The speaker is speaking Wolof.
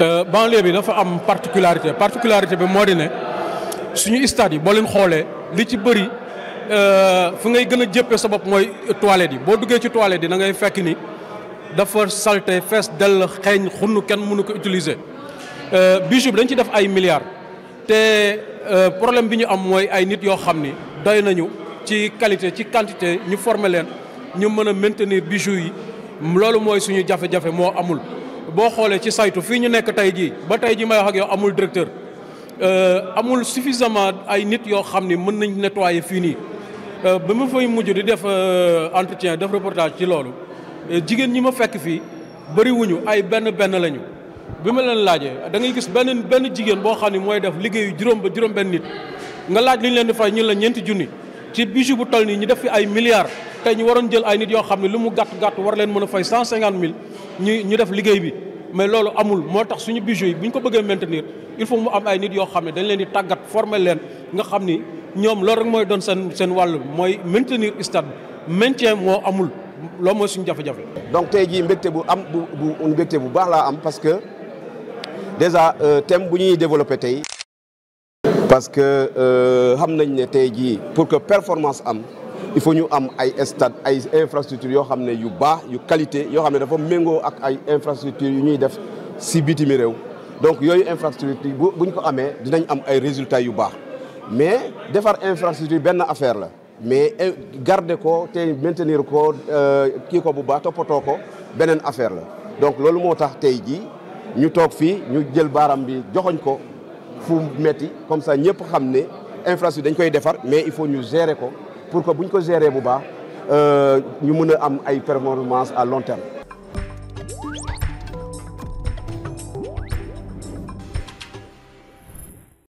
Euh, banlieue bi dafa am particularité particularité bi moo di ne suñu stade yi boo leen xoolee li ci bëri euh, fu ngay gën a jëppee sa bopp mooy toilette yi boo duggee ci toilette yi da ngay fekk ni dafa salte fees dell xeeñ xunn kenn mënu ko utiliser. Euh, bijou bi dañ ci def ay milliards te problème bi ñu am mooy ay nit yoo xam ni doy nañu ci qualité ci quantité ñu forme leen. ñu mën a maintenir bijoux yi loolu mooy suñu jafe-jafe moo amul. boo xoolee ci saytu fii ñu nekk tey jii ba tey jii may wax ak yow amul directeur euh, amul suffisamment ay nit yoo xam ni mën nañ nettoyer fii nii euh, ba ma fay mujj di def euh, entretien def reportage ci loolu jigéen ñi ma fekk fii bëriwuñu ay benn benn lañu. bi ma leen laajee da ngay gis benn benn jigéen boo xam ne mooy def liggéeyu juróom ba juróom benn nit nga laaj li ñu leen di fay ñu la ñeenti junni ci bijou bu toll nii ñu def fi ay milliards. tey ñu waroon jël ay nit yoo xam ne lu mu gàtt gàtt war leen mën a fay cent cinquante mille ñu ñu def liggéey bi mais loolu amul moo tax suñu budget yi bu ñu ko bëggee maintenir il faut mu am ay nit yoo xam ne dañ leen di tàggat former leen nga xam ni ñoom loolu rek mooy doon seen seen wàll mooy maintenir stade maintien moo amul loolu mooy suñu jafe-jafe. donc tey jii mbégte bu am bu bu mbégte bu baax laa am parce que déjà euh, thème bu ñuy développé tey. parce que euh, xam nañ ne tey jii pour que performance am. il faut ñu am ay stade ay infrastructure yoo xam ne yu baax yu qualité yoo xam ne dafa méngoo ak ay infrastructure yu ñuy def si bitimi réew donc yooyu infrastructure bu buñ ko amee dinañ am ay résultats yu baax mais defar infrastructure benn affaire la mais eh, garder ko te maintenir ko euh, kii ko bu baax toppatoo ko beneen affaire la donc loolu moo tax tey jii ñu toog fii ñu jël baaram bi joxoñ ko fu metti comme ça ñëpp xam ne infrastructure dañ koy defar mais il faut ñu gérer ko pour que bu ñu ko seeree bu baax euh, ñu mun a am ay performance à long terme